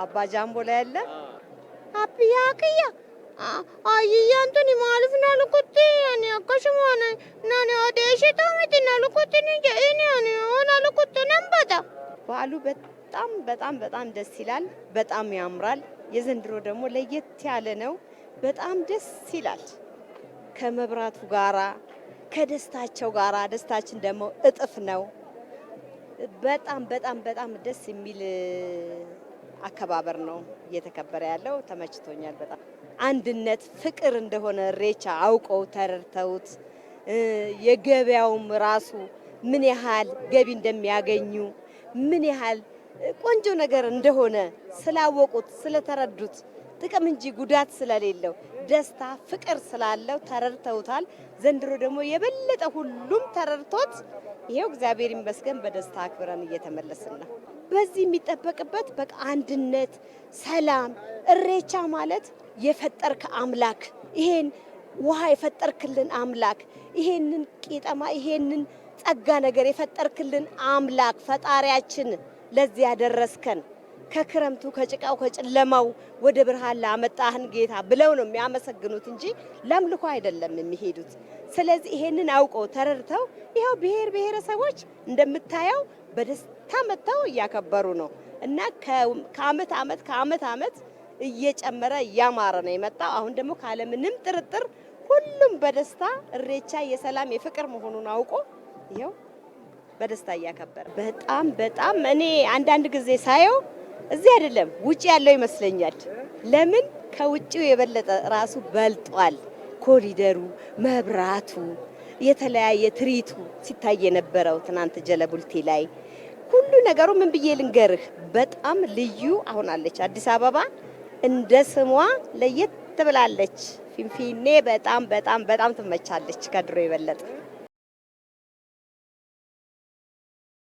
አባ ጃምቦ ላይ ያለ አብያ አክያ አየያ እንትን ማለፍ ና ልኩት ያኔ አካሽማነ ናኔ ወደሽ ታመት ነው ልኩት ነኝ እኔ ያኔ ሆና ልኩት ነምባታ በዓሉ በጣም በጣም በጣም ደስ ይላል። በጣም ያምራል። የዘንድሮ ደግሞ ለየት ያለ ነው። በጣም ደስ ይላል። ከመብራቱ ጋራ ከደስታቸው ጋራ ደስታችን ደግሞ እጥፍ ነው። በጣም በጣም በጣም ደስ የሚል አከባበር ነው እየተከበረ ያለው። ተመችቶኛል በጣም አንድነት፣ ፍቅር እንደሆነ ሬቻ አውቀው ተረድተውት የገበያውም ራሱ ምን ያህል ገቢ እንደሚያገኙ ምን ያህል ቆንጆ ነገር እንደሆነ ስላወቁት ስለተረዱት ጥቅም እንጂ ጉዳት ስለሌለው ደስታ፣ ፍቅር ስላለው ተረድተውታል። ዘንድሮ ደግሞ የበለጠ ሁሉም ተረድቶት ይሄው እግዚአብሔር ይመስገን በደስታ አክብረን እየተመለስን ነው። በዚህ የሚጠበቅበት በቃ አንድነት፣ ሰላም። እሬቻ ማለት የፈጠርክ አምላክ ይሄን ውሃ የፈጠርክልን አምላክ ይሄንን ቄጠማ ይሄንን ጸጋ ነገር የፈጠርክልን አምላክ ፈጣሪያችን ለዚህ ያደረስከን ከክረምቱ ከጭቃው ከጨለማው ወደ ብርሃን ላመጣህን ጌታ ብለው ነው የሚያመሰግኑት እንጂ ለምልኮ አይደለም የሚሄዱት። ስለዚህ ይሄንን አውቀው ተረድተው ይኸው ብሔር ብሔረሰቦች እንደምታየው በደስታ መጥተው እያከበሩ ነው እና ከአመት አመት ከአመት አመት እየጨመረ እያማረ ነው የመጣው። አሁን ደግሞ ካለምንም ጥርጥር ሁሉም በደስታ እሬቻ የሰላም የፍቅር መሆኑን አውቆ ይኸው በደስታ እያከበረ በጣም በጣም እኔ አንዳንድ ጊዜ ሳየው እዚህ አይደለም ውጭ ያለው ይመስለኛል። ለምን ከውጭው የበለጠ ራሱ በልጧል። ኮሪደሩ፣ መብራቱ፣ የተለያየ ትርኢቱ ሲታይ የነበረው ትናንት ጀለቡልቲ ላይ ሁሉ ነገሩ ምን ብዬ ልንገርህ፣ በጣም ልዩ አሁን አለች አዲስ አበባ እንደ ስሟ ለየት ትብላለች። ፊንፊኔ በጣም በጣም በጣም ትመቻለች ከድሮ የበለጠ